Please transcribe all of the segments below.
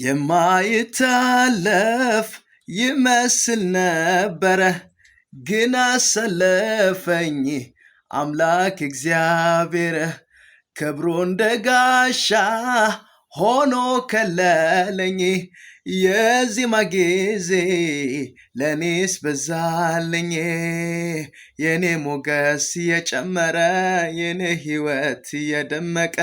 የማይታለፍ ይመስል ነበረ፣ ግን አሰለፈኝ አምላክ እግዚአብሔር። ክብሩ እንደ ጋሻ ሆኖ ከለለኝ የዚማ ጊዜ ለኔስ በዛልኝ የኔ ሞገስ እየጨመረ የኔ ህይወት እየደመቀ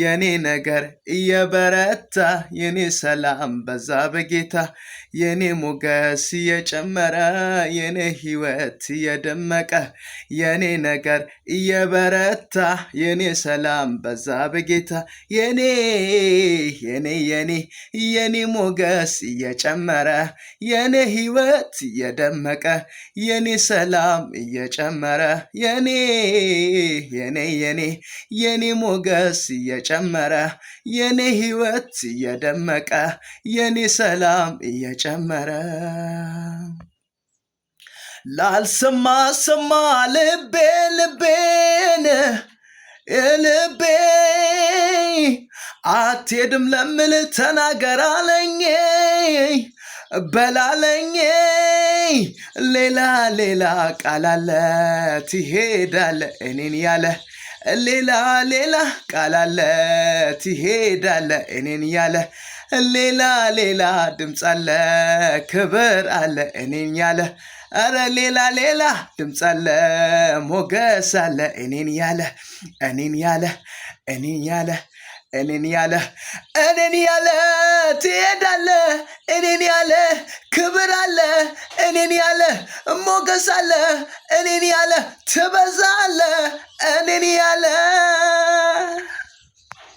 የኔ ነገር እየበረታ የኔ ሰላም በዛ በጌታ የኔ ሞገስ እየጨመረ የኔ ህይወት እየደመቀ የኔ ነገር እየበረታ የኔ ሰላም በዛ በጌታ የኔ የኔ የኔ የኔ ሞገስ ሞገስ እየጨመረ የኔ ህይወት እየደመቀ የኔ ሰላም እየጨመረ የኔ የኔ የኔ የኔ ሞገስ እየጨመረ የኔ ህይወት እየደመቀ የኔ ሰላም እየጨመረ ላልስማ ስማ ልቤ ልቤን ልቤ አትሄድም ለምል ተናገር አለኝ በላለኝ ሌላ ሌላ ቃል አለ ትሄዳለ እኔን ያለ ሌላ ሌላ ቃል አለ ትሄዳለ እኔን ያለ ሌላ ሌላ ድምፅ አለ ክብር አለ እኔን ያለ አረ ሌላ ሌላ ድምፅ አለ ሞገስ አለ እኔን ያለ እኔን ያለ እኔን ያለ እኔን ያለ እኔን ያለ ትሄዳለ እኔን ያለ ክብር አለ እኔን ያለ ሞገስ አለ እኔን ያለ ትበዛለ እኔን ያለ